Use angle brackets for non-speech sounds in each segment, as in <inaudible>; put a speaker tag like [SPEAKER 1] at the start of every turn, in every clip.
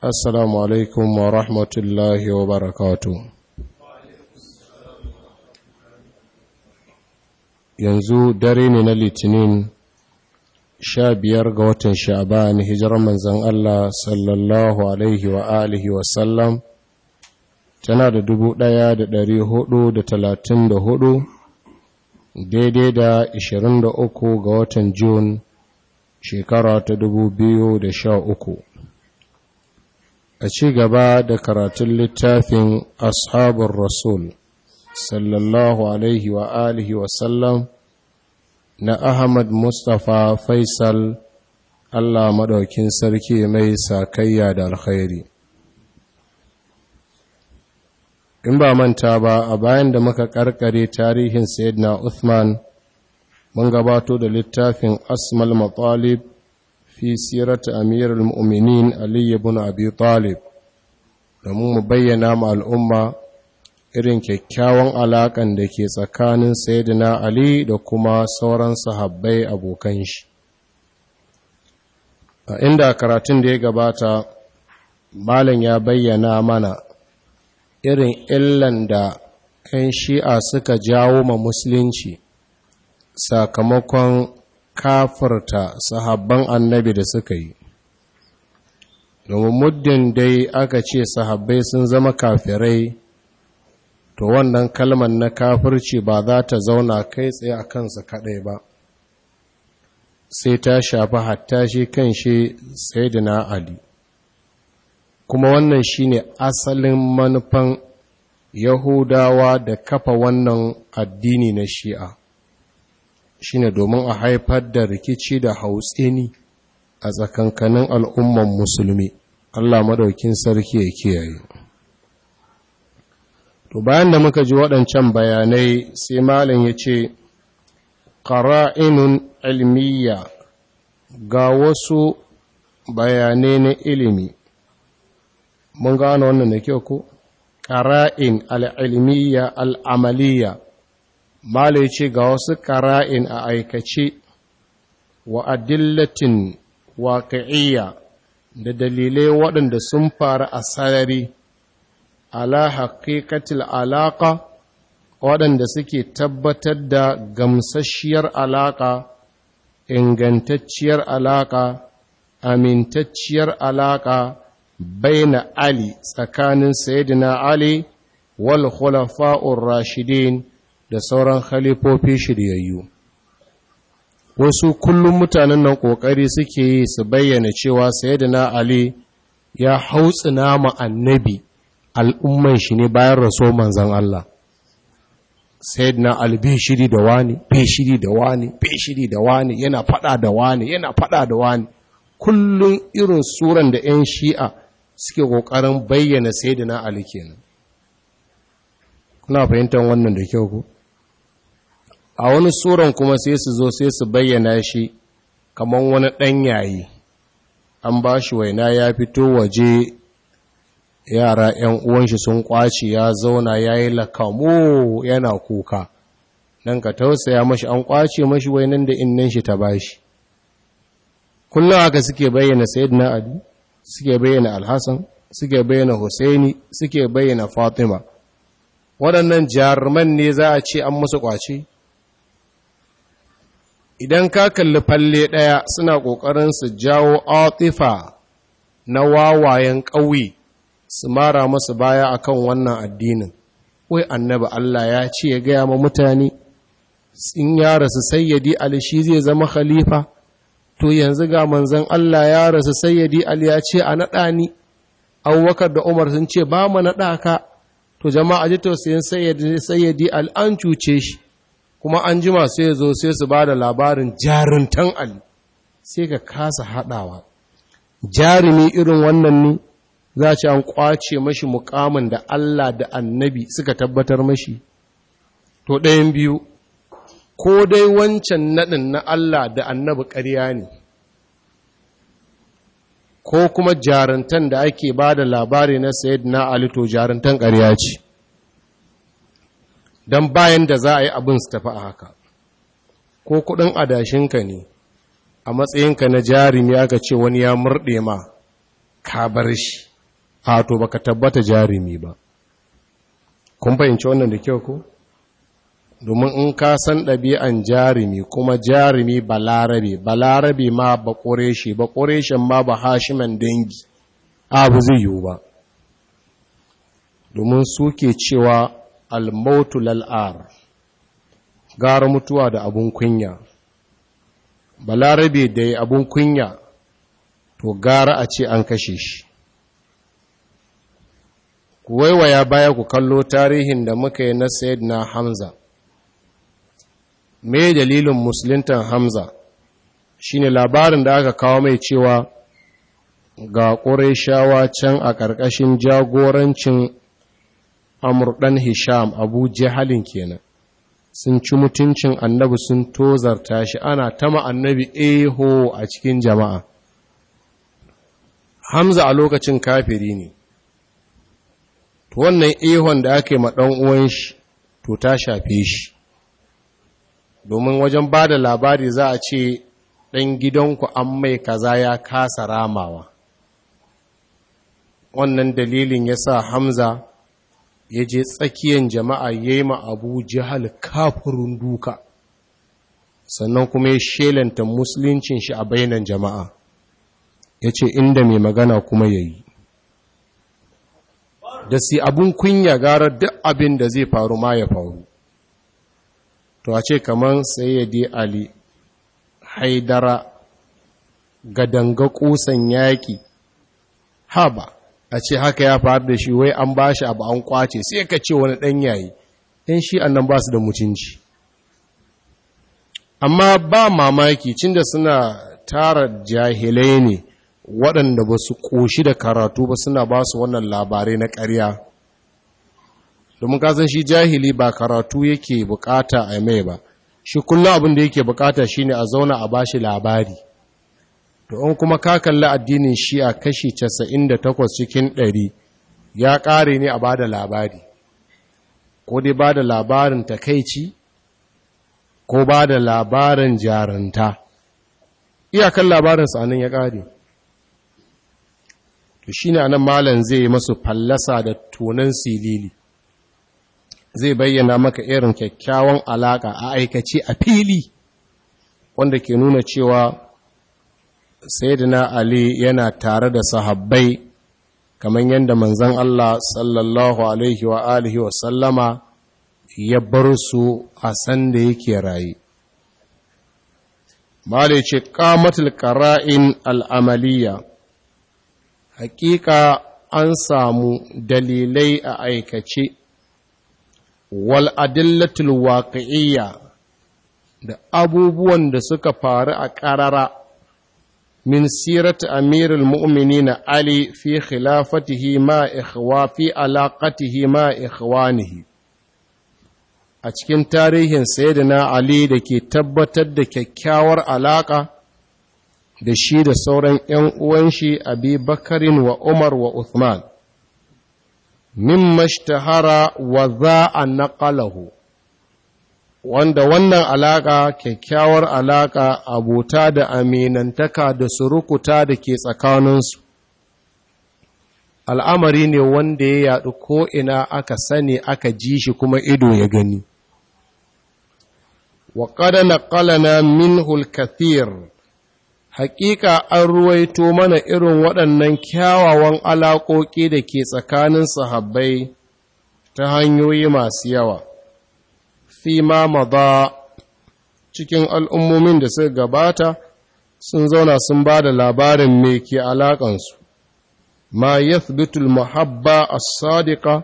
[SPEAKER 1] assalamu alaikum wa rahmatullahi wa barakatu yanzu dare ne na litinin sha biyar ga watan sha'ban hijirar manzan Allah sallallahu tana da dubu ɗaya da dari hudu da talatin da hudu daidai da ishirin da uku ga watan Jun shekara ta dubu biyu da sha uku a ci gaba da karatun littafin ashabun rasul sallallahu alaihi wa alihi wasallam na ahmad mustapha faisal allah maɗaukin sarki mai sakayya da alkhairi in ba manta ba a bayan da muka ƙarƙare tarihin sayyidina uthman mun gabato da littafin asmal matsalib fi sirata amirul mu'minin Ali ibn Abi Talib mu bayyana ma al'umma irin kyakkyawan alaƙan da ke tsakanin Sayyidina Ali da kuma sauran sahabbai abokan shi a inda karatun da ya gabata malam ya bayyana mana irin illan da 'yan shi'a suka jawo ma musulunci sakamakon kafarta sahabban annabi da suka yi domin muddin dai aka ce sahabbai sun zama kafirai to wannan kalmar na kafirci ba za ta zauna kai tsaye a kansa kaɗai ba sai ta shafi hatta shi kan shi sayidina ali kuma wannan shine asalin manufan yahudawa da kafa wannan addini na shi'a shine domin a haifar da rikici da hautsini a tsakankanin al'umman musulmi Allah maɗaukin sarki ya kiyaye to bayan da muka ji waɗancan bayanai sai malam ya ce qara'inun ilmiya ga wasu bayanai na ilimi mun gano wannan da kyau ko qara'in al-ilmiya mala ya ce ga wasu ƙara'in a aikace wa adillatin waƙa'iyya da dalilai waɗanda sun faru a sarari ala haƙiƙatil alaƙa waɗanda suke tabbatar da gamsasshiyar alaƙa ingantacciyar alaƙa amintacciyar alaƙa bai na ali tsakanin sayidina ali wal khulafa'ur rashidin da sauran halifofi shiryayyu wasu kullum mutanen nan ƙoƙari suke yi su bayyana cewa sayyidina ali ya hautsina ma annabi al'umman shi ne bayan raso manzan Allah sayyidina ali bai shiri da wani bai shiri da wani bai shiri da wani yana fada da wani yana fada da wani kullum irin suran da 'yan shi'a suke ƙoƙarin bayyana sayyidina ali kenan kuna fahimtar wannan da kyau ko. a wani suran kuma sai su zo sai su bayyana shi kamar wani ɗan yayi an ba shi waina ya fito waje yara 'yan uwanshi sun kwaci ya zauna ya yi lakamu yana kuka nan ka tausaya mashi an kwace mashi wainan da innan shi ta bashi kullum haka suke bayyana na ali suke bayyana alhassan suke bayyana husaini suke bayyana fatima waɗannan jaruman ne za a ce an musu kwace idan ka kalli falle ɗaya suna ƙoƙarin su jawo atifa na wawayen ƙauye su mara masu baya akan wannan addinin wai annaba Allah ya ce ya gaya ma mutane in ya rasu sayyadi ali shi zai zama khalifa to yanzu ga manzan Allah ya rasu sayyadi ali ya ce a naɗa ni abubakar da umar sun ce ba mu naɗa ka to jama'a ji tausayin sayyadi ali an cuce shi kuma an jima sai zo sai su ba da labarin jaruntan ali sai ka kasa haɗawa jarumi irin wannan ne za ci an ƙwace mashi mukamin da Allah da annabi suka tabbatar mashi to ɗayan biyu ko dai wancan naɗin na Allah da annabi ƙarya ne ko kuma jarantan da ake ba da labari na sayid na alito jarantan ƙarya ce don bayan da za a yi abin su tafi a haka ko kudin adashinka ne a matsayinka na jarumi aka ce wani ya murɗe ma ka bar shi a to baka tabbata jarumi ba kun fahimci wannan da kyau ko domin in ka san ɗabi'an jarumi kuma jarumi balarabe balarabe ma ba ƙoreshe ba ƙoreshen ma ba hashiman dangi abu zai yiwu ba domin suke cewa almautu lal'ar gara mutuwa da abun kunya balarabe da abun kunya to gara a ce an kashe shi ku waiwaya baya ku kallo tarihin da muka yi na na hamza me dalilin musulintan hamza shine labarin da aka kawo mai cewa ga shawa can a ƙarƙashin jagorancin amur ɗan hisham abu jihalin kenan sun ci mutuncin annabi sun tozarta shi ana tama annabi eho a cikin jama'a hamza a lokacin kafiri ne to wannan ehon da ake ma ɗan uwan shi to ta shafe shi domin wajen ba da labari za a ce ɗan gidanku an mai kaza ya kasa ramawa wannan dalilin ya sa hamza ya je tsakiyan jama'a ya yi ma abu jihal duka sannan kuma ya shelanta musuluncin shi a bainan jama'a ya ce inda mai magana kuma ya yi da si abun kunya gara duk abin da zai faru ma ya faru to a ce kamar dai ali haidara ga danga kusan yaƙi haba a ce haka ya faru da shi wai an ba shi abu an kwace sai ka ce wani ɗan yayi ɗan shi annan ba su da mutunci amma ba mamaki cinda suna tara jahilai ne waɗanda ba su ƙoshi da karatu ba suna ba su wannan labarai na ƙarya domin kasan shi jahili ba karatu yake bukata a mai ba shi kullum abin da yake bukata shine a zauna a ba shi labari to an kuma ka kalli addinin shi'a kashi 98 cikin 100 ya ƙare ne a bada labari ko dai bada labarin takaici ko bada labarin jaranta iyakan labarin nan ya ƙare to shine anan malam zai yi masu fallasa da tonan silili zai bayyana maka irin kyakkyawan alaƙa a aikace a fili wanda ke nuna cewa sayyidina ali yana tare da sahabbai kamar yadda manzon Allah sallallahu alaihi wa alihi wa sallama ya bar su a san da yake rayi malai ce qamatul qara'in al'amaliya hakika an samu dalilai a aikace wal adillatul waqi'iyya da abubuwan da suka faru a ƙarara min sirati amirul mu'minina ali fi khilafatihi ma ikhwa fi alaqatihi ma ikhwanihi a cikin tarihin sayyidina ali da ke tabbatar da kyakkyawar alaƙa da shi da sauran ‘yan uwanshi abi bakarin wa Umar wa Uthman, min mashtahara wa za a naƙalahu, wanda wannan alaƙa kyakkyawar alaƙa abota da aminantaka da surukuta da ke tsakaninsu al'amari ne wanda ya yaɗu ko'ina aka sani aka ji shi kuma ido ya gani wa ƙada na ƙalana min hulkathir haƙiƙa an ruwaito mana irin waɗannan kyawawan alaƙoƙi da ke tsakanin sahabbai ta hanyoyi masu yawa fi ma maza cikin al'ummomin da suka gabata sun zauna sun ba da labarin mai ke alaƙansu, ma yathbitul Mahabba a sadiqa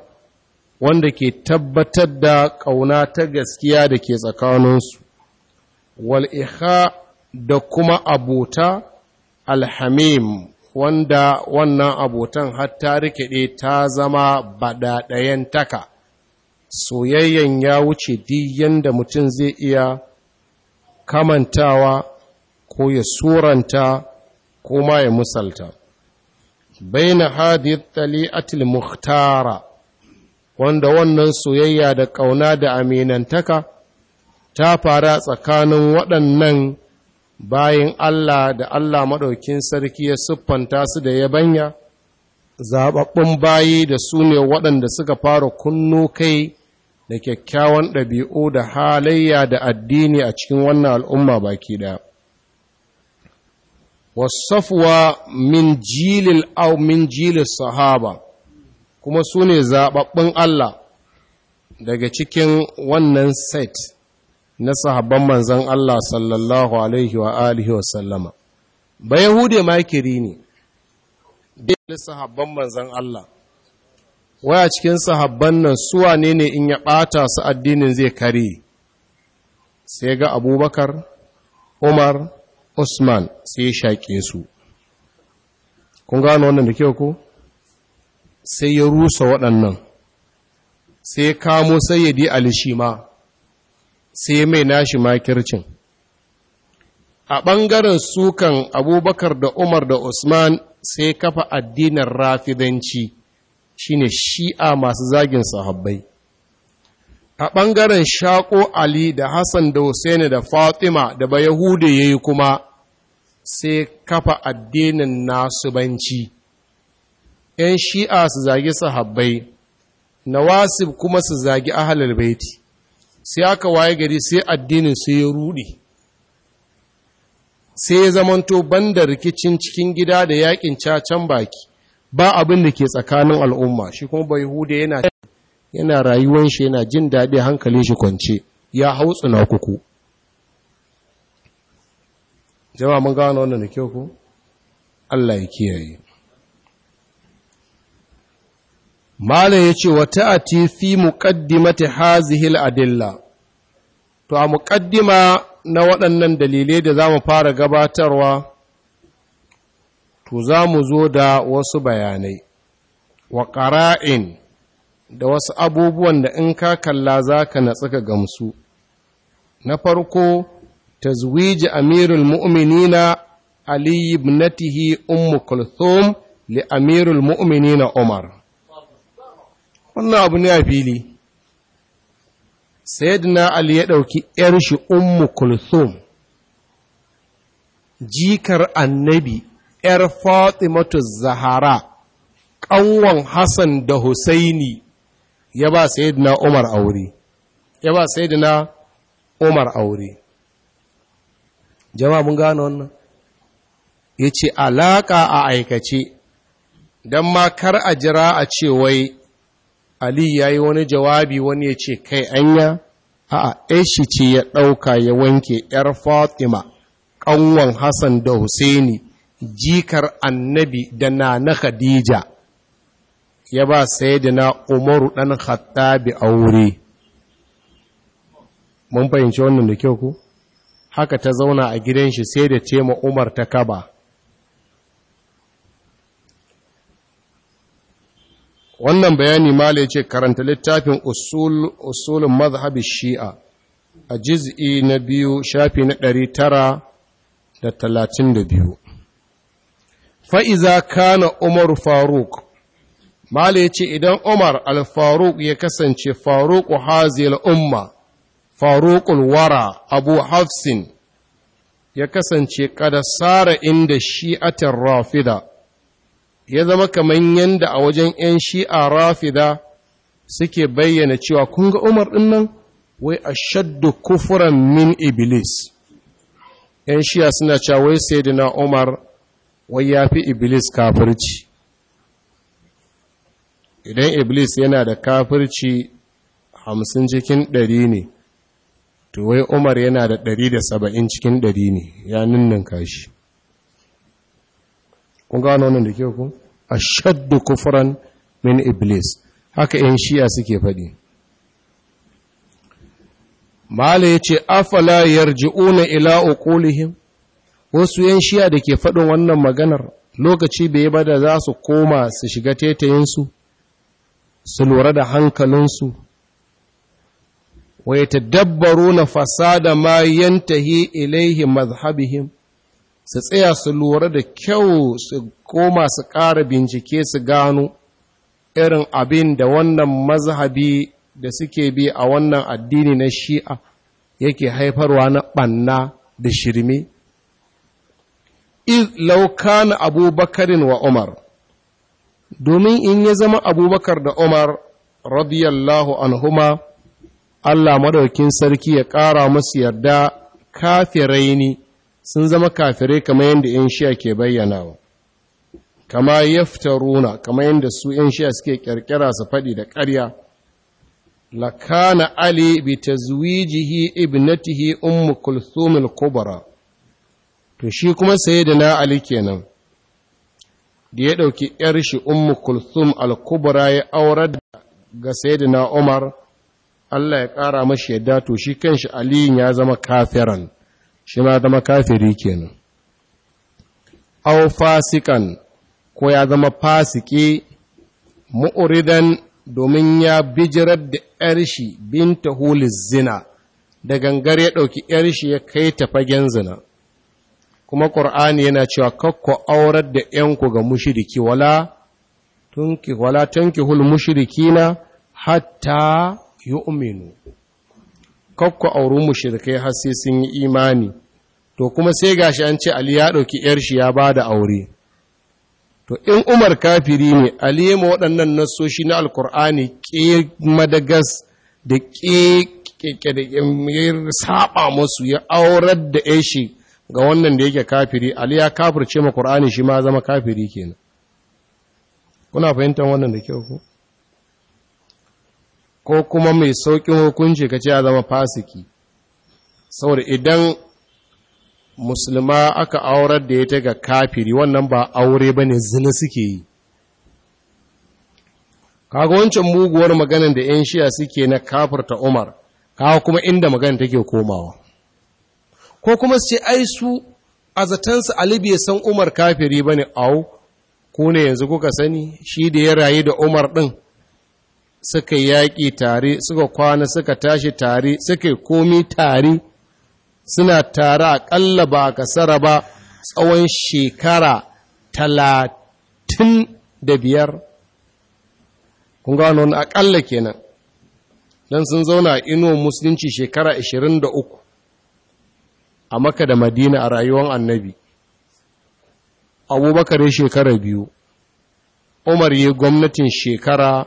[SPEAKER 1] wanda ke tabbatar da ƙauna ta gaskiya da ke tsakaninsu, wal'iha da kuma abota alhamim wanda wannan abotan har hatta rikide ta zama baɗaɗayen taka. Soyayyan ya wuce diyan da mutum zai iya kamantawa ko ya suranta ko ma ya musalta baina hadith tali'atil mukhtara wanda wannan soyayya da ƙauna da aminantaka ta fara tsakanin waɗannan bayan Allah da Allah maɗaukin sarki ya siffanta su da ya banya, zaɓaɓɓun bayi da su ne waɗanda suka fara kunno kai da kyakkyawan ɗabi'u da halayya da addini a cikin wannan al'umma baki ɗaya. wasafuwa min jilil au min jilil sahaba kuma su ne zaɓaɓɓun Allah daga cikin wannan set na sahabban manzan Allah sallallahu alaihi wa alihi wa sallama ba hude makiri ne da sahabban manzan Allah waya cikin sahabban nan suwa ne ne in ya ɓata su addinin zai kare sai ga abubakar umar usman sai ya shaƙe su kun gano wannan da kyau ko sai ya rusa waɗannan sai ya kamo sayyadi alishima sai ya mai nashi makircin a ɓangaren sukan abubakar da umar da usman sai kafa addinin rafidanci shine shi'a masu zagin sahabbai a ɓangaren shaƙo ali da hassan da husaini da fatima da bayahude ya yi kuma sai kafa addinin nasu banci. ‘yan shi'a su zagi sahabbai wasu kuma su zagi ahalar baiti sai aka waye gari sai addinin su ya ruɗe sai ya zamanto banda rikicin cikin gida da yakin cacan baki ba abin da ke tsakanin al'umma shi kuma bai hude yana yana rayuwan shi yana jin daɗi hankali shi kwance ya hautsuna kuku jama mun gano wannan da kyau ku Allah ya kiyaye mala yace wa ta'ati fi muqaddimati hazihi al-adilla to a muqaddima na waɗannan dalilai da za mu fara gabatarwa to za mu zo da wasu bayanai wa ƙara'in da wasu abubuwan da in ka kalla za ka natsu ka gamsu na farko ta tazwiji amirul mu'minina ali ibnatihi ummu kulthum li amirul mu'minina umar wannan abu ne a fili sayyidina ali ya ɗauki ‘yar shi ummu kulthum jikar annabi ‘yar Fatimatu Zahara, ƙanwan Hassan da Husaini ya ba Sayyidina Umar aure, ya ba Sayyidina Umar aure. Jama'a mun gano wannan? Ya ce, alaƙa a aikace, don ma kar a jira a ce wai, Ali ya yi wani jawabi wani ya ce, kai anya, a'a, shi ce ya ɗauka ya wanke ‘yar Fatima, ƙanwan Hassan da Husaini. jikar annabi da na na khadija ya ba sayyidina umaru dan khattabi aure mun fahimci wannan da kyau ku haka ta zauna a gidan shi sai da ce umar ta kaba wannan bayani malai ce karanta littafin usulun mazhabi shi'a a jiz'i na biyu shafi na ɗari tara da talatin da biyu fa'iza kana Umar Faruk, Mala ya ce, Idan Umar al-Faruk ya kasance Faruk hazil umma, Faruk wara Abu Hafsin, ya kasance kada sara inda shi'atin rafida, ya zama kamar yanda a wajen ‘yan shi'a rafida suke bayyana cewa, Kun ga Umar ɗin nan, wai a shaddu kufuran min Iblis. ‘Yan shi'a suna cewa wai sai Umar. wai ya fi iblis kafirci idan iblis yana da kafirci hamsin cikin ɗari ne to wai umar yana da ɗari da saba'in cikin ɗari ne ya ninninka shi kun gano wannan da ke ku a shaddu kufuran min iblis haka ‘yan shiya suke faɗi mala ya ce afala yarji'una ila uqulihim wasu yan shiya da ke faɗin wannan maganar lokaci bai ba da za su koma su shiga tetayensu su lura da hankalinsu wa ta tadabbaru na fasada ma yantahi ilaihi mazhabihim su tsaya su lura da kyau su koma su ƙara bincike su gano irin abin da wannan mazhabi da suke bi a wannan addini na shi'a yake haifarwa na ɓanna da shirme iz laukana abubakarin wa umar domin in ya zama abubakar da umar radiyallahu anhuma Allah madaukin sarki ya ƙara musu yarda kafirai ne sun zama kafirai kamar yadda 'yan shiya ke bayyanawa kama yaftaruna kamar yadda su 'yan shiya suke ƙirƙira su faɗi da ƙarya lakana ali bi tazwijihi ibnatihi ummu kulthumil kubra to shi kuma sai da na ali kenan da ya ɗauki ‘yar shi ummu kulthum al-kubra ya aurar ga sayyidina Umar Allah ya ƙara mashi yadda to shi kanshi aliyin ya zama kafiran shi ma zama kafiri kenan aw fasikan ko ya zama fasiki mu'uridan domin ya bijirar da ‘yar shi binta huliz zina da gangar ya ɗauki ‘yar shi ya kai ta fagen zina kuma ƙur'ani yana cewa kakko aurar da ‘yanku ga mushiriki wala tunki wala tunki hul mushiriki na hatta yi umenu kakko auri mushirikai har sun yi imani to kuma sai gashi an ce ali ya ɗauki ‘yar shi ya ba da aure to in umar kafiri ne ali ma waɗannan nasoshi na alkur'ani ƙe madagas da ƙe da ƙe saɓa masu ya aurar da ‘yar shi ga wannan da yake kafiri ali ya kafirce ma qur'ani shi ma zama kafiri kenan kuna fahimtar wannan da kyau ko ko kuma mai saukin hukunci kace ya zama fasiki saboda idan musulma aka aurar da yata ga kafiri wannan ba aure ba ne zina suke yi kaga wancan muguwar maganar da 'yan shiya suke na kafirta Umar kawo kuma inda maganar take komawa ko kuma su ce ai su a zatansu Ali bai san Umar kafiri ba ne au ko ne yanzu kuka sani shi da ya rayu da Umar ɗin suka yaƙi tare suka kwana suka tashi tare suka komi tare suna tare aƙalla ba kasara ba tsawon shekara talatin da biyar kun gano aƙalla kenan don sun zauna a inuwar musulunci shekara uku. a maka da madina a rayuwar annabi abubakar ya shekara biyu umar ya gwamnatin shekara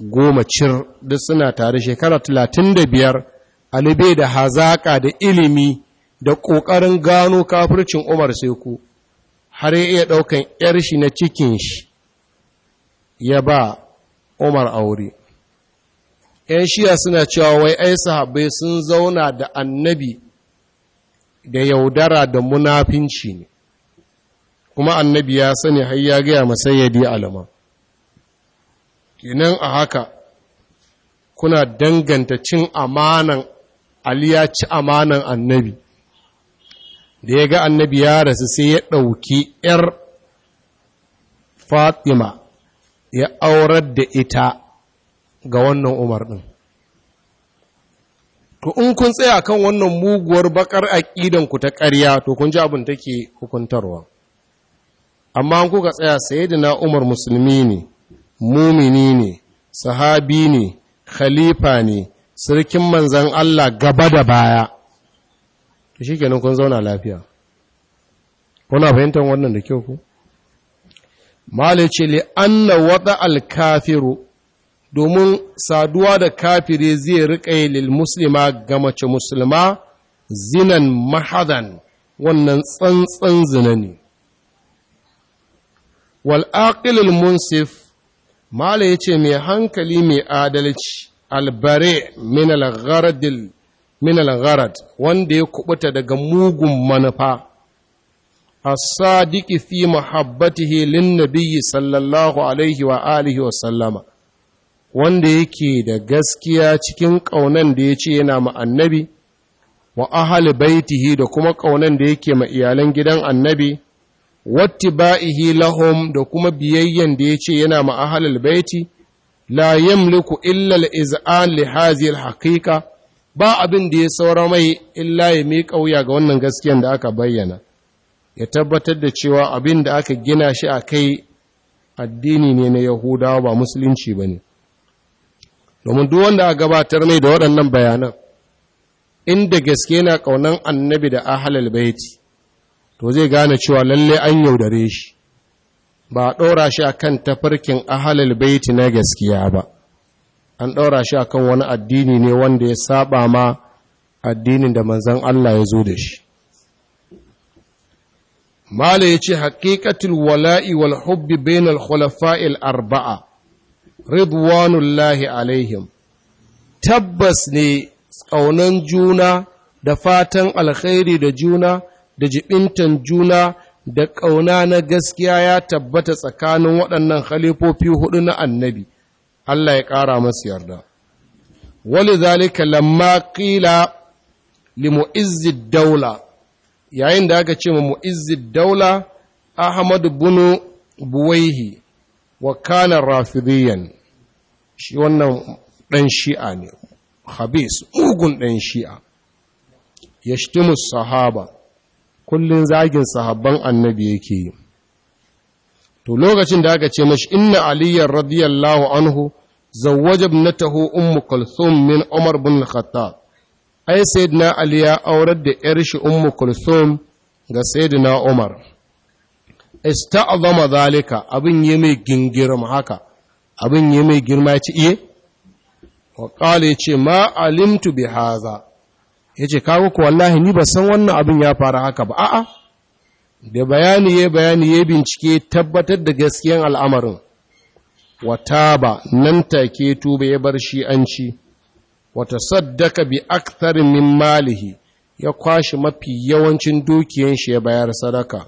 [SPEAKER 1] goma cir duk suna tare shekara talatin da biyar alibe da hazaƙa da ilimi da ƙoƙarin gano kafircin umar sai ku har ya iya ɗaukan ‘yar shi na cikin shi ya ba umar aure ‘yan shiya suna cewa wai ai sahabbai sun zauna da annabi da yaudara da munafinci ne kuma annabi ya sani har ya gaya masayyadi alama kenan a haka kuna danganta cin amanan ali ci amanan annabi da ya ga annabi ya rasu sai ya ɗauki ‘yar fatima ya aurar da ita ga wannan umar ɗin to in kun tsaya kan wannan muguwar bakar aƙidanku ku ta ƙarya to kun ji abin take hukuntarwa amma an kuka tsaya na Umar musulmi ne mumini ne sahabi ne khalifa ne sarkin manzan Allah gaba da baya to shikenan kun zauna lafiya kuna fahimtar wannan da kyau ku malice li anna wada al-kafiru domin saduwa da kafire zai riƙa lil muslima ga mace musulma zinan mahadan wannan tsantsan zina ne wal aqilul munsif mala yace mai hankali mai adalci albare min al gharad wanda ya kubuta daga mugun manufa as-sadiqi fi mahabbatihi lin nabiyyi sallallahu alaihi wa alihi wa sallama wanda yake da gaskiya cikin ƙaunan da ya ce yana ma annabi wa ahali baitihi da kuma ƙaunan da yake ma iyalan gidan annabi wattiba'ihi lahum da kuma biyayyen da ya ce yana ma ahali baiti la yamliku illa al-iz'an li hadhihi ba abin da ya saura mai illa ya miƙa wuya ga wannan gaskiyan da aka bayyana ya tabbatar da cewa abin da aka gina shi a kai addini ne na yahudawa ba musulunci ba ne domin duk wanda a gabatar mai da waɗannan bayanan inda gaske na ƙaunan annabi da ahalal baiti to zai gane cewa lalle an yaudare shi ba a ɗora shi a kan tafarkin ahalal baiti na gaskiya ba an ɗora shi a kan wani addini ne wanda ya saba ma addinin da manzan Allah ya zo da shi mala ya ce haƙiƙatul wala'i wal hubbi bainal khulafa'il arba'a ridwanullahi alaihim tabbas ne ƙaunan juna da fatan alkhairi da juna da jibintan juna da ƙauna na gaskiya ya tabbata tsakanin waɗannan khalifofi hudu na annabi Allah ya ƙara masu yarda wali zalika lamma ƙila li daula yayin da aka ce ma mu'izzid daula Ahmadu bunu buwaihi wakana rafidiyan shi wannan ɗan shi'a ne khabis ugun ɗan shi'a ya sahaba kullum zagin sahabban annabi yake yi to lokacin da aka ce mashi inna aliyyar radiyallahu anhu na ibnatahu ummu kulthum min umar bin khattab ai sayyidina ali ya aurar da yar shi ummu kulthum ga sayyidina umar ista'zama zalika abin yi mai gingirma haka abin yi mai girma ci iye wa ya ce ma alimtu bi haza yace kawo ko wallahi ni ba san wannan abin ya fara haka ba a'a da bayani ya bayani ya bincike tabbatar da gaskiyan al'amarin wata ba nan take tuba ya bar shi an ci Wata saddaka bi aktarin min malihi ya kwashi mafi yawancin dukiyan shi ya bayar sadaka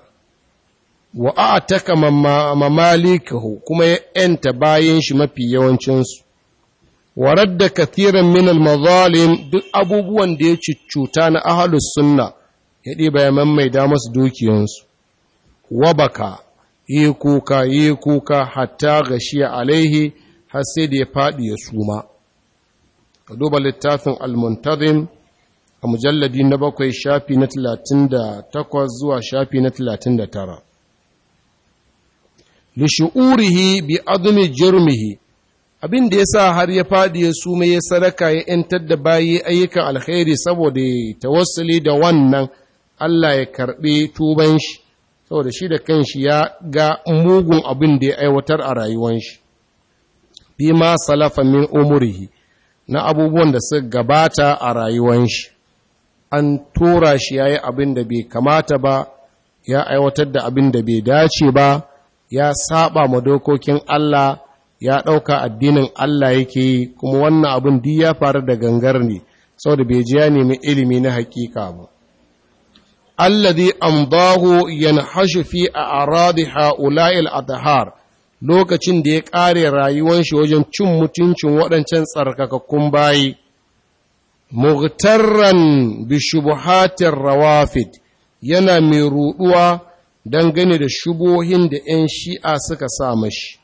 [SPEAKER 1] wa a'taka taka mamalikahu kuma ya ‘yanta bayan shi mafi yawancinsu, wa radda kathiran minal mazalim duk abubuwan da ya cuta na ahlus sunna ya ɗiba ya mammaida masu dukiyansu, wa baka, yi kuka, yi kuka, hatta gashi alaihi har sai da ya faɗi ya suma. Ka duba littafin al a mujalladi na bakwai shafi na 38 zuwa shafi na 39. li shu'urihi bi adami jurmihi abin da yasa har ya fadi ya suma ya sadaka ya yantar da bayi ayyukan alkhairi saboda tawassuli da wannan Allah ya karbe tuban shi saboda shi da kanshi ya ga mugun abin da ya aiwatar a rayuwar shi bi ma salafa min umurihi na abubuwan da suka gabata a rayuwar shi an tura shi yi abin da bai kamata ba ya aiwatar da abin da bai dace ba ya saba ma dokokin Allah ya ɗauka addinin Allah yake yi kuma wannan abin duk ya faru da gangar ne saboda bai ji ya nemi ilimi na hakika ba alladhi yana yanhashu fi a'radi ha'ula'il adahar, lokacin da ya kare rayuwar shi wajen cin mutuncin waɗancan tsarkakakkun bayi mughtarran bishubuhatin rawafid yana mai ruɗuwa Don gani da shubohin da 'yan shi'a suka sa mashi.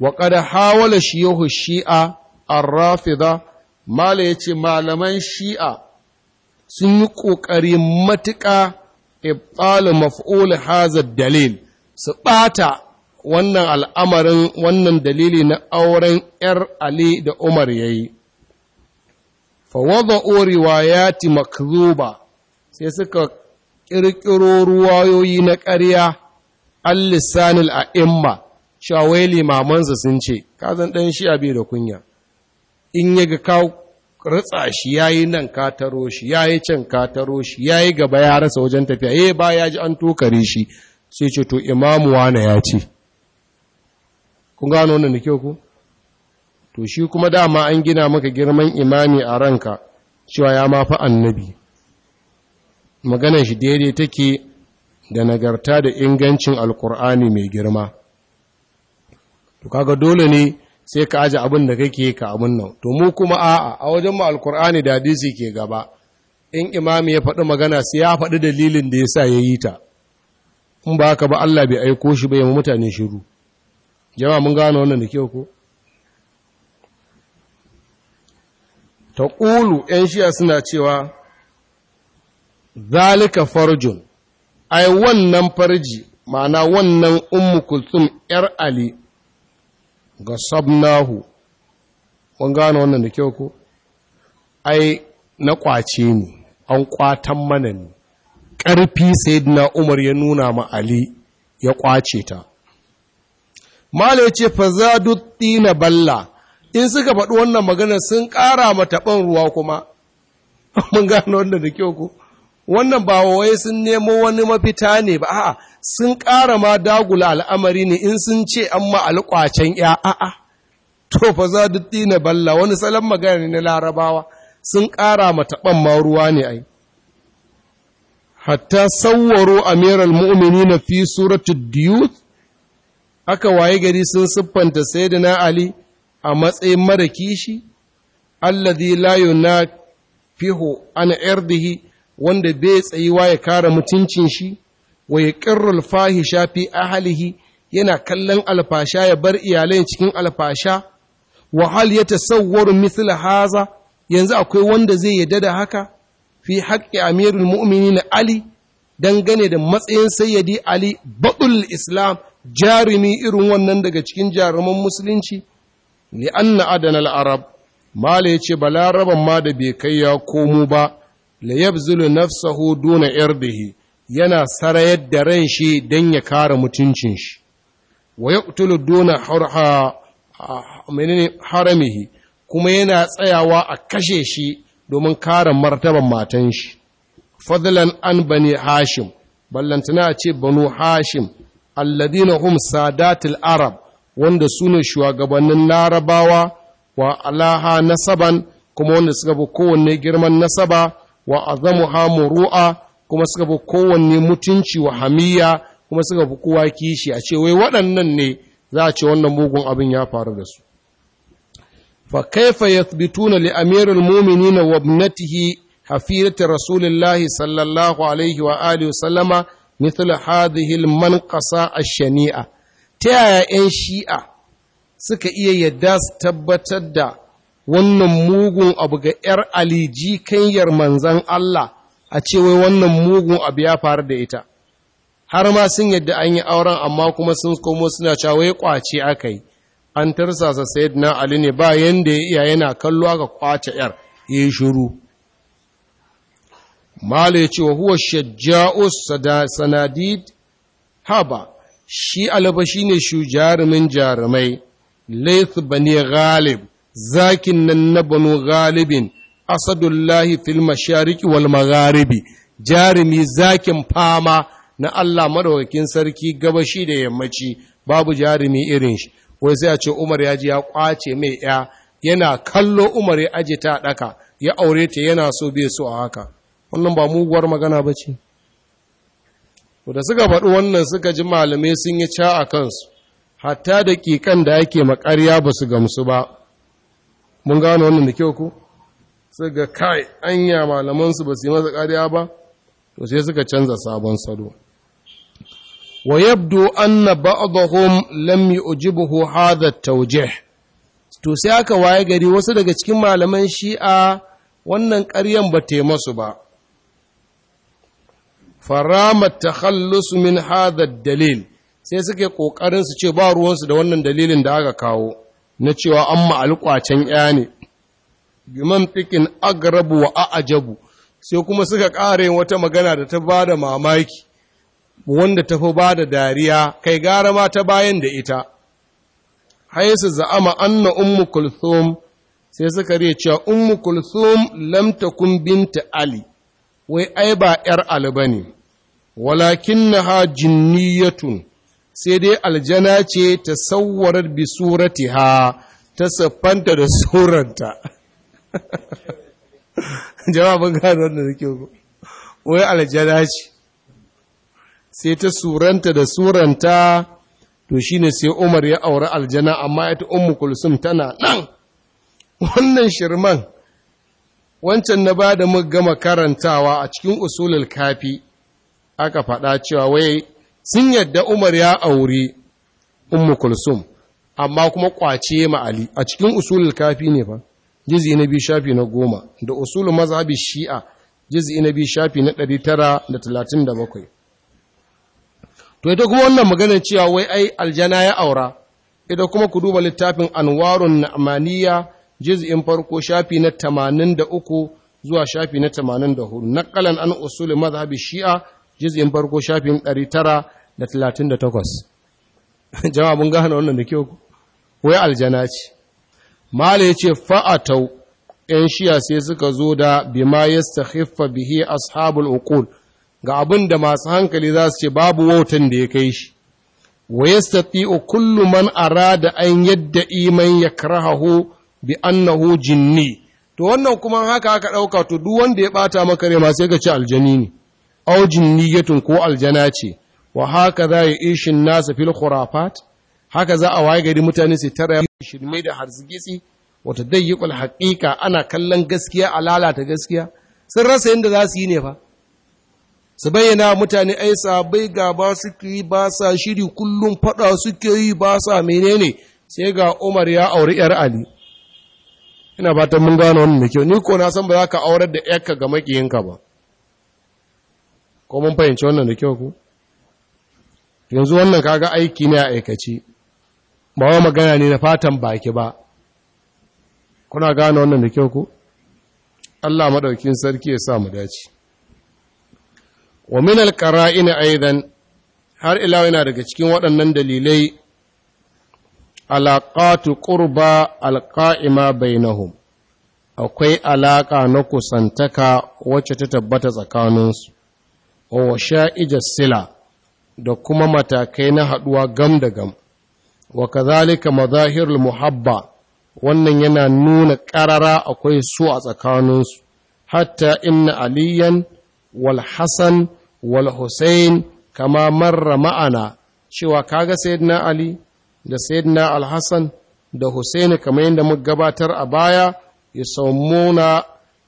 [SPEAKER 1] Wa ƙada hawala shiyahu shi'a arrafida, Mala ya ce malaman shi'a sun yi ƙoƙari matuƙa ibtalu maf'ul haza dalil su ɓata wannan al'amarin wannan dalili na auren ‘yar Ali da Umar ya yi. Fa ya ti makzuba sai suka ƙirƙiro ruwayoyi na ƙarya an a imma shawai limamansa sun ce kazan ɗan shi bai da kunya in ga ka ritsa shi ya yi nan ka taro shi yi can ka taro shi yi gaba ya rasa wajen tafiya ya eh, ba ya ji an tokare shi sai ce to imamu wane ya ce kun gano wannan da kyau ku to shi kuma dama an gina maka girman imami a ranka cewa ya mafi annabi maganar shi daidai take da nagarta da ingancin alkur'ani mai girma to kaga dole ne sai ka aje abin da kake ka abin nan to mu kuma a'a a wajen mu alkur'ani da hadisi ke gaba in imami ya faɗi magana sai ya faɗi dalilin da yasa ya yi ta in ba haka ba Allah bai aiko shi ba ya mutane shiru jama'a mun gano wannan da kyau ko ta ƙulu ‘yan shiya suna cewa zalika farjun ai wannan farji ma'ana wannan ummu kulsum yar ali ga sabnahu kun gano wannan da kyau ko ai na kwace ni an kwatan mana ni ƙarfi sayyidina umar ya nuna ma ali ya kwace ta mala ya ce fa tina balla in suka faɗi wannan magana sun ƙara mata ban ruwa kuma <laughs> mun gano wannan da kyau ko wannan ba wai sun nemo wani mafita ne ba a'a sun ƙara ma dagula al'amari ne in sun ce an ma alƙwacen ya a'a to fa za duk dina balla wani salon magana ne na larabawa sun ƙara ma taɓan ma ruwa ne ai hatta sawwaro amiral mu'mini na fi suratun diyut aka waye gari sun siffanta sayyidina ali a matsayin mara kishi allazi fiho ana an irdihi wanda bai tsayuwa ya kara mutuncin shi wa ya ƙirrul fahisha fi ahalihi yana kallon alfasha ya bar iyalai cikin alfasha wa hal ya tasawwaru misal haza yanzu akwai wanda zai yadda da haka fi haƙƙi amirul mu'minin ali dangane da matsayin sayyadi ali baɗul islam jarumi irin wannan daga cikin jaruman musulunci li'anna adana al-arab mala yace balaraban ma da bai kai ya komo ba la yabzulu nafsahu duna irdihi yana sarayar da ran shi don ya kare mutuncin shi wa yaqtulu duna haramihi kuma yana tsayawa a kashe shi domin kare martaban matan shi fadlan an bani hashim ballantana a ce banu hashim alladina hum sadatul arab wanda su ne shugabannin larabawa wa alaha nasaban kuma wanda suka fi kowanne girman nasaba wa Hamuru'a, muru'a kuma suka fi kowanne mutunci wa hamiya kuma suka fi kowa kishi a ce wai waɗannan ne za a ce wannan mugun abin ya faru da su fa kaifa yathbituna li amiril wabnatihi wa ibnatihi hafirati rasulillahi sallallahu alaihi wa alihi sallama mithla hadhihi al manqasa a shania ta yaya 'yan shi'a suka iya yadda su tabbatar da wannan mugun abu ga ‘yar Ali jikanyar manzan Allah a cewa wannan mugun abu ya faru da ita, har ma sun yadda an yi auren amma kuma sun komo suna cewa ya kwace aka yi, an tarsasa sayid na Ali ne ba yadda ya iya yana kallo ga kwace ‘yar ya yi shuru. Mala ya ce wa huwa shajja'us sanadid haba, shi alaba shi ne shu jarumin jarumai, Laith bani Ghalib, zakin nan na banu galibin asadullahi fil mashariki wal magharibi jarumi zakin fama na Allah madaukakin sarki gabashi da yammaci babu jarumi irin shi wai sai a ce Umar ya ji ya kwace mai ya yana kallo Umar ya aje ta daka ya aure ta yana so bai so a haka wannan ba muguwar magana bace da suka faɗi wannan suka ji malamai sun yi ca a kansu hatta da kikan da ake makarya ba su gamsu ba mun gano wannan da kyau ku sai ga kai anya malamansu ba su yi masa ƙarya ba to sai suka canza sabon salo wa yabdu anna ba'dhum lam yu'jibuhu hadha at-tawjih to sai aka waye gari wasu daga cikin malaman shi'a wannan ƙaryan ba ta masu ba farama takhallus min hadha ad-dalil sai suke kokarin su ce ba ruwansu da wannan dalilin da aka kawo na cewa an ma'alƙwacen ya ne, biman fikin agarabu wa a'ajabu, sai kuma suka ƙare wata magana da ta ba da mamaki, wanda ta fi ba da dariya, kai gara ma ta bayan da ita. Haisu za'ama anna ummu kulthum sai suka riya cewa ummu kulthum lamta kun binta Ali, wai ai ba ‘yar Ali ba ne, walakin na ha jinniyatun, sai dai aljana ce ta sauwarar bi surati ha, ta siffanta da suranta <laughs> jawabin gano wanda ke ku wai aljana ce sai ta suranta da suranta to shi ne sai Umar ya aure aljana amma ta umu Kulsum tana nan wannan shirman wancan na bada da gama karantawa a cikin usulul kafi aka faɗa cewa wai sun yadda umar ya aure ummu kulsum amma kuma kwace ma ali a cikin usulul kafi ne fa jizi na biyu shafi na goma da usulul mazhabi shi'a jizi na biyu shafi na 937 to ita kuma wannan magana cewa wai ai aljana ya aura ita kuma ku duba littafin anwarun na'maniya in farko shafi na 83 zuwa shafi na 84 naqalan an usulul mazhabi shi'a in farko shafin 900 da talatin da takwas jawabin gane wannan da kyau wai aljana ce mala ya ce fa'atau ‘yan shiya sai suka zo da bima ya haifa bihi ashabul ukul ga abin da masu hankali za su ce babu wautan da ya kai shi wa yastati'u ukullu man arada an yadda iman ya ho? bi annahu jinni to wannan kuma haka aka ɗauka to duk wanda ya ɓata maka rai ma sai ka ce aljani ne au jinniyatun ko aljana ce wa haka za yi ishin nasa fil khurafat haka za a waye gari mutane su tara mai da harzigisi wata dayyukul haƙiƙa ana kallon gaskiya a lalata gaskiya sun rasa yadda za su yi ne fa su bayyana mutane ai sabai ba su yi ba sa shiri kullum faɗa suke yi ba sa menene sai ga Umar ya auri ‘yar Ali. Ina fatan mun gano wannan da kyau, ni ko na san ba za ka aurar da ‘yarka ga makiyinka ba, ko mun fahimci wannan da kyau ku? yanzu wannan kaga aiki ne a aikace ba wa magana ne na fatan baki ba kuna gane wannan da kyau ku? Allah madaukin sarki ya sa mu dace wa min alqara'in aidan har ila yana daga cikin waɗannan dalilai alaqatu qurba alqa'ima bainahum akwai alaƙa na kusantaka wacce ta tabbata tsakaninsu wa sha'ija sila da kuma matakai na haɗuwa gam da gam wa kazalika mazahirul muhabba wannan yana nuna ƙarara akwai su a tsakaninsu hatta inna aliyan wal hasan wal husain kama marra ma'ana cewa kaga sayyidina ali da sayyidina al hasan da husaini kamar yadda muka gabatar a baya yusammuna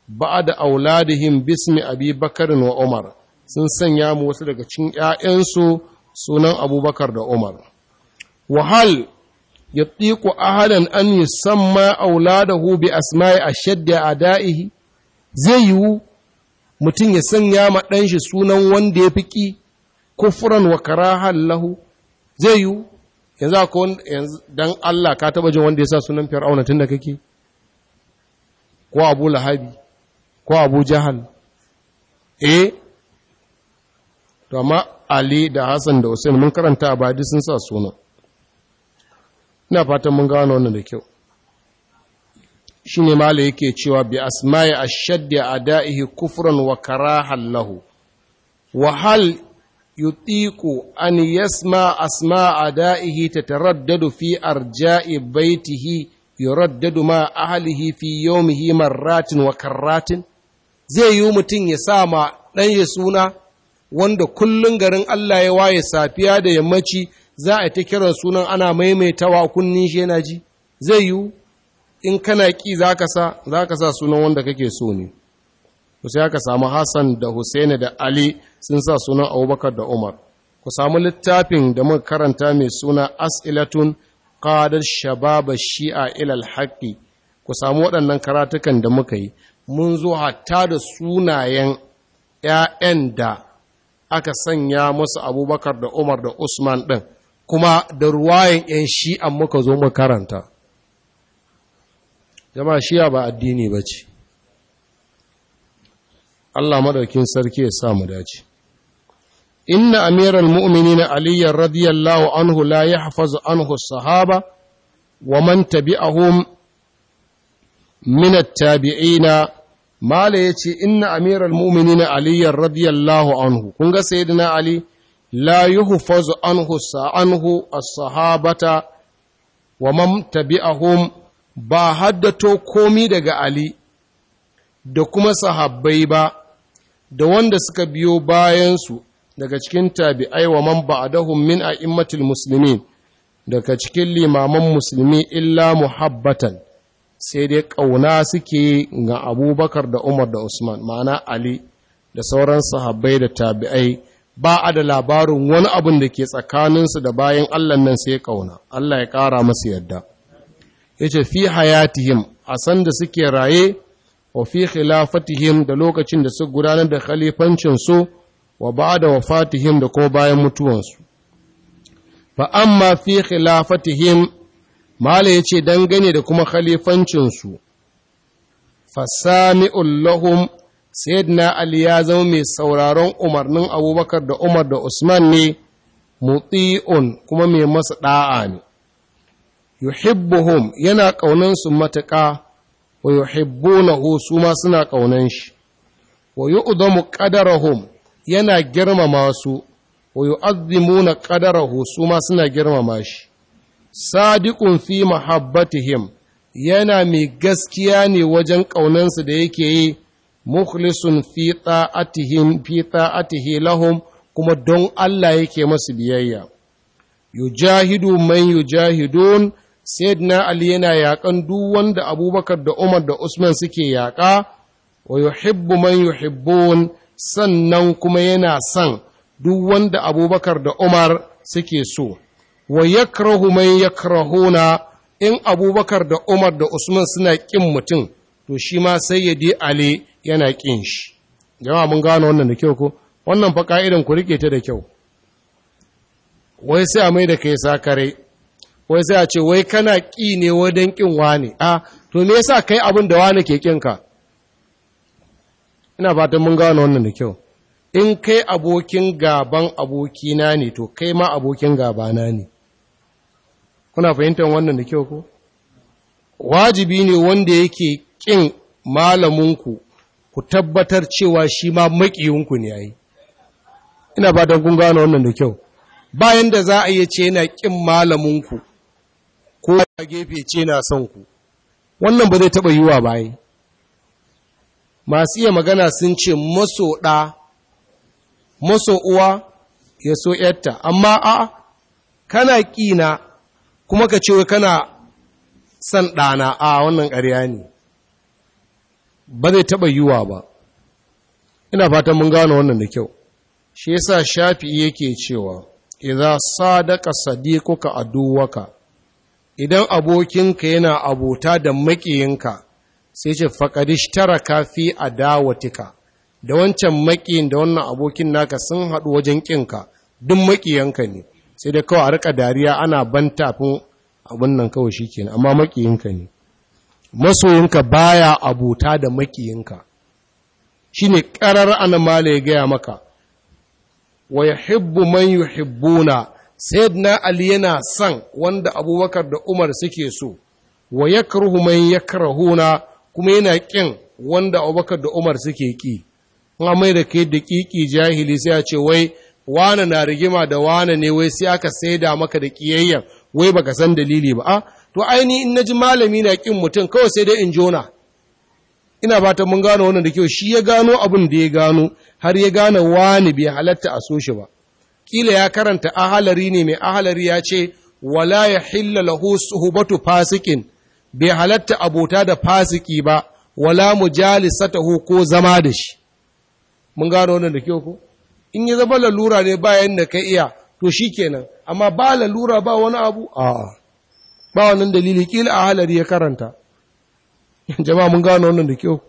[SPEAKER 1] ba'da auladihim bismi abi wa umar sun sanya mu wasu daga cin ‘ya'yansu sunan abubakar da umar wahal ya ɗiƙo ahadan an yi samma da bi asma'i a shadda a da'ihi zai yiwu mutum ya sanya ma ɗanshi sunan wanda ya fi ƙi kufuran wa karahan zai yiwu yanzu ku don Allah ka taɓa jin wanda ya sa sunan fir'auna tun da kake ko abu lahabi ko abu jahal eh to amma ali da hassan da hussein mun karanta a badi sun sa suna ina fatan mun gano wannan da kyau shi ne mala yake cewa bi asma'i ashaddi ada'ihi kufran wa karahan lahu wa hal yutiqu an yasma asma ada'ihi tataraddadu fi arja'i baitihi yuraddadu ma ahlihi fi yawmihi marratin wa karratin zai yi mutum ya sa ma ɗan ya suna wanda kullum garin Allah ya waye safiya da yammaci za a ta kiran sunan ana maimaitawa kunnin shi yana ji zai yiwu in kana ƙi za ka sa za ka sa sunan wanda kake so ne ku sai aka samu hassan da husaini da ali sun sa sunan abubakar da umar ku samu littafin da muka karanta mai suna as'ilatun qadar shabab shi'a ilal haqqi ku samu waɗannan karatukan da muka yi mun zo hatta da sunayen ‘ya'yan da aka sanya musu abubakar da umar da usman ɗin kuma da ruwayan 'yan shi'an muka zo mu karanta jama shi'a ba addini ba ce allah madaukin sarki ya samu dace inna amiral na aliyar radiyallahu anhu la ya hafazu anhu sahaba wa man tabi'ahum min at-tabi'ina mala ya ce inna amiral na aliyar radiyallahu anhu kun ga sai ali la yuhfazu anhu sa'anhu a sahabata wa man ba haddato komi daga ali da kuma sahabbai ba da wanda suka biyo bayansu daga cikin tabi'ai wa man ba'dahum min immatul musulmi, daga cikin limaman musulmi illa muhabbatan sai dai ƙauna suke ga abubakar da umar da usman ma'ana ali da sauran sahabbai da tabi'ai ba a da labarin wani abin da ke tsakaninsu da bayan allah nan sai ƙauna allah ya ƙara masu yadda ya ce fi hayatihim a sanda suke raye wa fi khilafatihim da lokacin da su gudanar da khalifancinsu wa ba da wafatihim da ko bayan mutuwansu ba amma fi khilafatihim Mala ya ce dangane da kuma khalifancinsu, fasami'ul lahum Sayyidina Ali ya zama mai sauraron umarnin Abubakar da Umar da Usman ne, Mutsi’un kuma mai masa ɗa'a ne. Yuhibbuhum yana ƙaunansu matuƙa, wa na hosu ma suna ƙaunan shi, wa yu'udhamu qadarahum yana girmama su, wa na na su ma suna girmama shi. sadiqun fi mahabbatihim yana mai gaskiya ne wajen ƙaunansu da yake yi mukhlisun fi ta'atihim fi ta'atihi lahum kuma don Allah yake masu biyayya yujahidu man yujahidun sayyidina ali yana yakan duk wanda abubakar da umar da usman suke yaƙa wa yuhibbu man yuhibbun sannan kuma yana san duk wanda abubakar da umar suke so wa yakrahu man yakrahuna in abubakar da umar da usman suna ƙin mutum to shi ma sayyidi ali yana ƙin shi jama'a mun gano wannan da kyau ko wannan fa ka'idan ku rike ta da kyau wai sai a mai da kai sakare wai sai a ce wai kana ƙi ne wadan ƙin wani a to me yasa kai abin da wani ke ƙin ka ina fatan mun gano wannan da kyau in kai abokin gaban abokina ne to kai ma abokin gabana ne kuna fahimtar wannan da kyau ko wajibi ne wanda yake kin malamunku ku tabbatar cewa shi ma makiyunku ne yayi ina ba don kun gano wannan da kyau bayan da za a yi ce yana kin malaminku ko a gefe ce na son ku wannan ba zai taba yiwa baye masu iya magana sun ce maso ɗa maso uwa ya so ‘yarta, amma a kana ƙina kuma ka ce kana san ɗana a wannan ƙarya ne ba zai taɓa yiwa ba ina fatan mun gano wannan da kyau shi yasa shafi yake cewa idza sadaka sadiquka aduwaka idan abokinka yana abota da makiyinka sai ce Faqadish taraka fi adawatika da wancan makiyin da wannan abokin naka sun haɗu wajen ƙinka duk makiyanka ne sai dai kawai a rika dariya ana ban tafin abin nan kawai shi kenan amma makiyinka ne masoyinka baya abota da makiyinka shi ne ƙarar anamala ya gaya maka wa hibbu man yuhibbuna na ali yana son wanda abubakar da umar suke so wa karhu man yakrahuna kuma yana ƙin wanda abubakar da umar suke ƙi in amai da kai da ƙiƙi jahili sai a ce wai wane na rigima da wane ne wai sai aka saida maka da kiyayyen wai baka san dalili ba a to aini in naji malami na kin mutum kawai sai dai in jona ina fatan mun gano wannan da kyau shi ya gano abin da ya gano har ya gane wani bai halatta a so shi ba kila ya karanta ahalari ne mai ahalari ya ce wala ya hilla lahu suhubatu fasikin bai halatta abota da fasiki ba wala mujalisatahu ko zama da shi mun gano wannan da kyau ko in ya zama lalura ne bayan da ka iya to shi kenan amma ba lalura ba wani abu a ba wannan dalili kila a halari ya karanta <laughs> jama'a mun gano wannan da kyau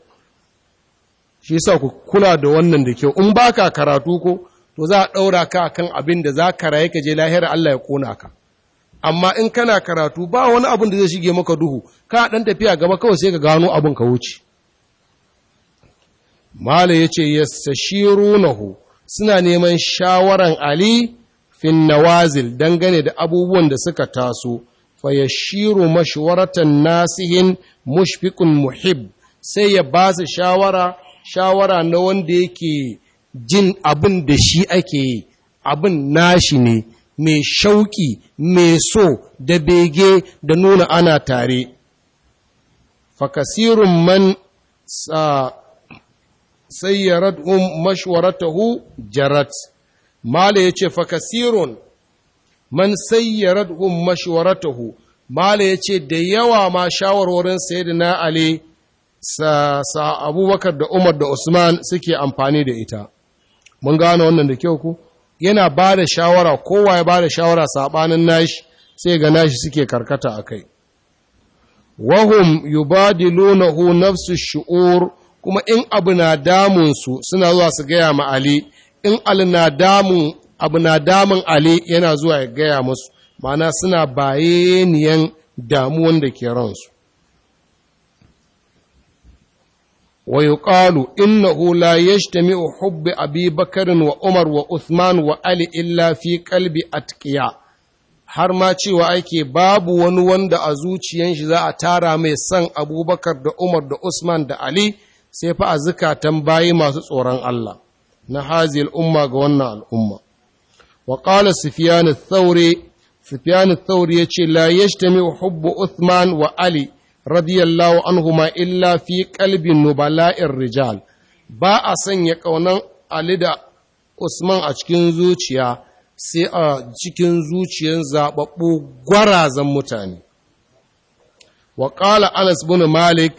[SPEAKER 1] shi sa ku kula da wannan da kyau in baka karatu ko to za a ɗaura ka kan abin da za ka raye ka je lahira Allah ya kona ka amma in kana karatu ba wani abin da zai shige maka duhu ka ɗan tafiya gaba kawai sai ka gano abin ka wuce mala ya ce hu suna neman shawaran Ali fin nawazil dangane da abubuwan da suka taso, shiru mashwaratan nasihin mushfikun muhib sai ya ba su shawara, shawara na wanda yake jin abin da shi ake yi, abin nashi ne, mai shauki, mai so, da bege, da nuna ana tare. Fakasirun man sa sayyaradhum mashwaratahu jarat mala yace fa kasirun man sayyaradhum mashwaratahu mala yace da yawa ma shawarwarin sayyidina ali sa, sa abubakar da umar da usman suke amfani da ita mun gane wannan da kyau ku yana ba da shawara kowa ya ba da shawara saɓanin nashi sai ga nashi suke karkata a kai wahum yubadilunahu nafsu shu'ur kuma in abu na damunsu suna zuwa su gaya ma Ali, in abu na damun Ali yana zuwa ya gaya musu, mana suna bayaniyan damuwan da ke ransu. Wa yi ƙalu, inna hula ya a abi bakarin wa Umar wa Usman wa Ali illa fi kalbi atkiya, har ma cewa ake babu wani wanda a zuciyan shi za a tara mai son abubakar da Umar da Usman da Ali, sai fa a zukatan bayi masu tsoron Allah na hazil umma ga wannan al'umma wa qala sufyan ath-thawri sufyan ath-thawri yace la yajtami hubbu uthman wa ali radiyallahu anhuma illa fi qalbin nubala'ir rijal ba a sanya kaunan ali da usman a cikin zuciya sai a cikin zuciyar zaɓaɓɓu gwarazan mutane. Wa ƙala Anas bin Malik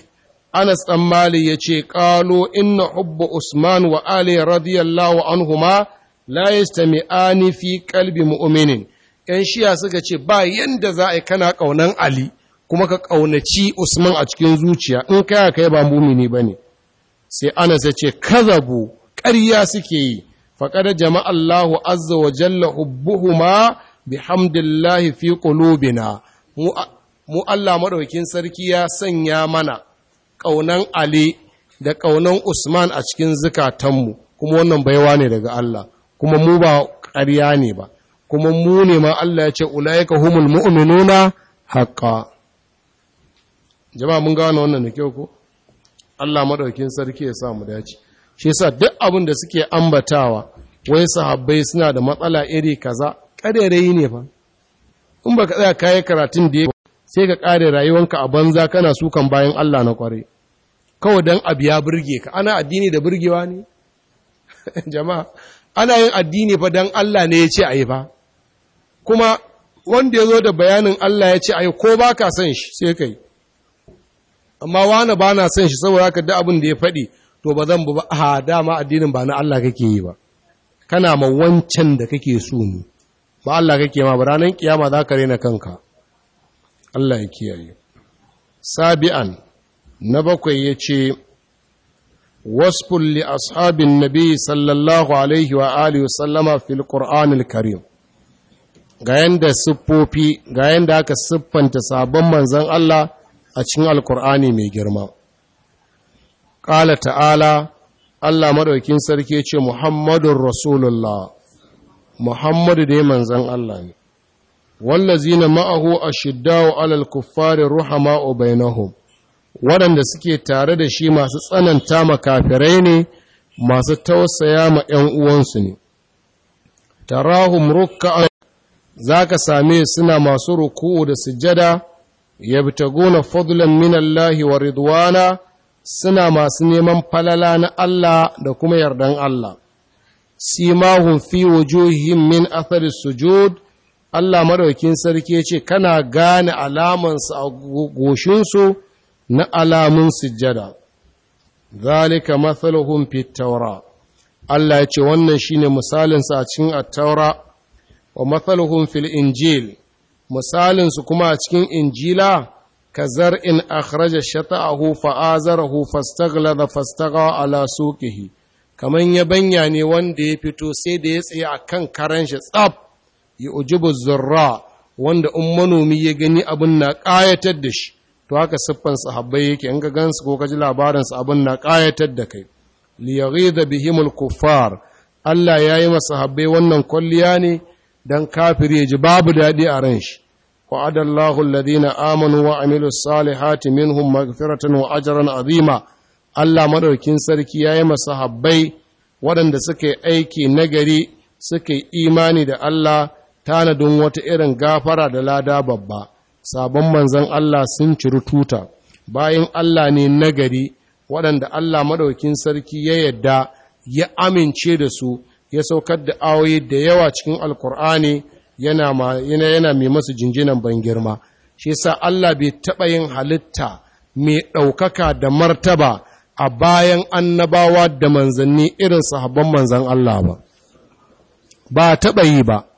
[SPEAKER 1] Anas ɗan Mali ya ce, Ƙalo inna hubba Usman wa Ali radiyallahu anhuma la yastami'ani fi kalbi mu'minin. ‘Yan shiya suka ce, ba yanda za a yi kana ƙaunan Ali, kuma ka ƙaunaci Usman a cikin zuciya, in kaya kai ba mumini ba ne. Sai Anas ya ce, Kazabu, ƙarya suke yi, faƙada jama'allahu azza wa jalla hubbuhuma bihamdillahi fi mu Allah maɗaukin sarki ya sanya mana ƙaunan Ali da ƙaunan Usman a cikin zukatanmu kuma wannan baiwa ne daga Allah kuma mu ba ƙarya ne ba kuma mu ne ma Allah ya ce ulaika humul nuna haƙa. jama'a mun gane wannan da kyau ko Allah maɗaukin sarki ya sa mu dace shi sa duk abin da suke ambatawa wai sahabbai suna da matsala iri kaza ƙarerayi ne fa in ka tsaya kayi karatun da sai ka ƙare rayuwanka a banza kana sukan bayan Allah na ƙware kawai don abu ya burge ka ana addini da burgewa ne <laughs> jama'a ana yin addini fa don Allah ne ya ce a yi ba kuma wanda ya zo da bayanin Allah ya ce a yi ko ba ka son shi sai ka yi amma wani ba na son shi saboda ka da abin da ya faɗi to ba zan ba a dama addinin ba na Allah kake yi ba kana ma da kake so ne ba Allah kake ma ba ranar kiyama za ka rena kanka Allah ya kiyaye sabi'an na bakwai ya ce wasfun li ashabin nabi sallallahu alaihi wa alihi sallama fil qur'anil karim ga yanda siffofi ga yanda aka siffanta sabon manzon Allah a cikin alkur'ani mai girma qala ta'ala Allah madaukin sarki ya ce muhammadur rasulullah muhammadu dai manzon Allah ne wallazina ma'ahu ashiddau alal kuffari ruhama'u bainahum waɗanda suke tare da shi masu tsananta makafirai ne masu tausaya ma ‘yan uwansu ne, tarahum rukka za ka same suna masu ruku'u da sujada, yabtaguna fadlan min wa ridwana suna masu neman falala na Allah da kuma yardan Allah. Simahun fi wujuhim min athari sujud Allah maraukin sarki ya ce kana gane alamansu a goshinsu na alamun sujjada zalika mathaluhum fit Allah ya ce wannan shine misalinsu a cikin at-taura wa mathaluhum fil injil misalinsu kuma a cikin injila kazar in akhraja shata'ahu fa'azarahu fastaghlada fastagha ala suqihi kaman yabanya ne wanda ya fito sai da ya tsaye akan kan shi tsaf Yi ujubu zurra wanda in manomi ya gani abin na ƙayatar da shi to haka siffan sahabbai yake in ka gansu ko ka ji labarin su abin na ƙayatar da kai li yaghidha bihimul kuffar Allah ya yi masahabbai wannan kwalliya ne dan kafiri ya ji babu daɗi a ran shi وعد الله الذين آمنوا وعملوا الصالحات منهم مغفرة وأجرا azima. Allah madaukin sarki ya yi masahabbai waɗanda suka yi aiki nagari suka yi imani da Allah tanadin wata irin gafara da lada babba sabon manzan Allah sun ciri tuta bayan Allah ne nagari waɗanda Allah maɗaukin sarki ya yadda ya amince da su ya saukar da awoyi da yawa cikin alkur'ani yana mai masu jinjinan ban girma shi sa Allah bai taɓa yin halitta mai ɗaukaka da martaba a bayan annabawa da manzanni irin sahabban manzan Allah ba ba taɓa yi ba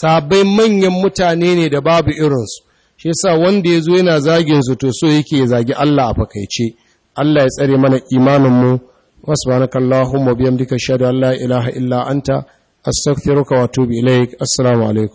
[SPEAKER 1] sabai manyan mutane ne da babu irinsu shi sa wanda ya zo yana zagin su to so yake zagi Allah a fakaice Allah ya tsare mana imaninmu wasbanaka Allahumma biyamdika duka an la ilaha illa anta astaghfiruka wa atubu ilaik assalamu alaikum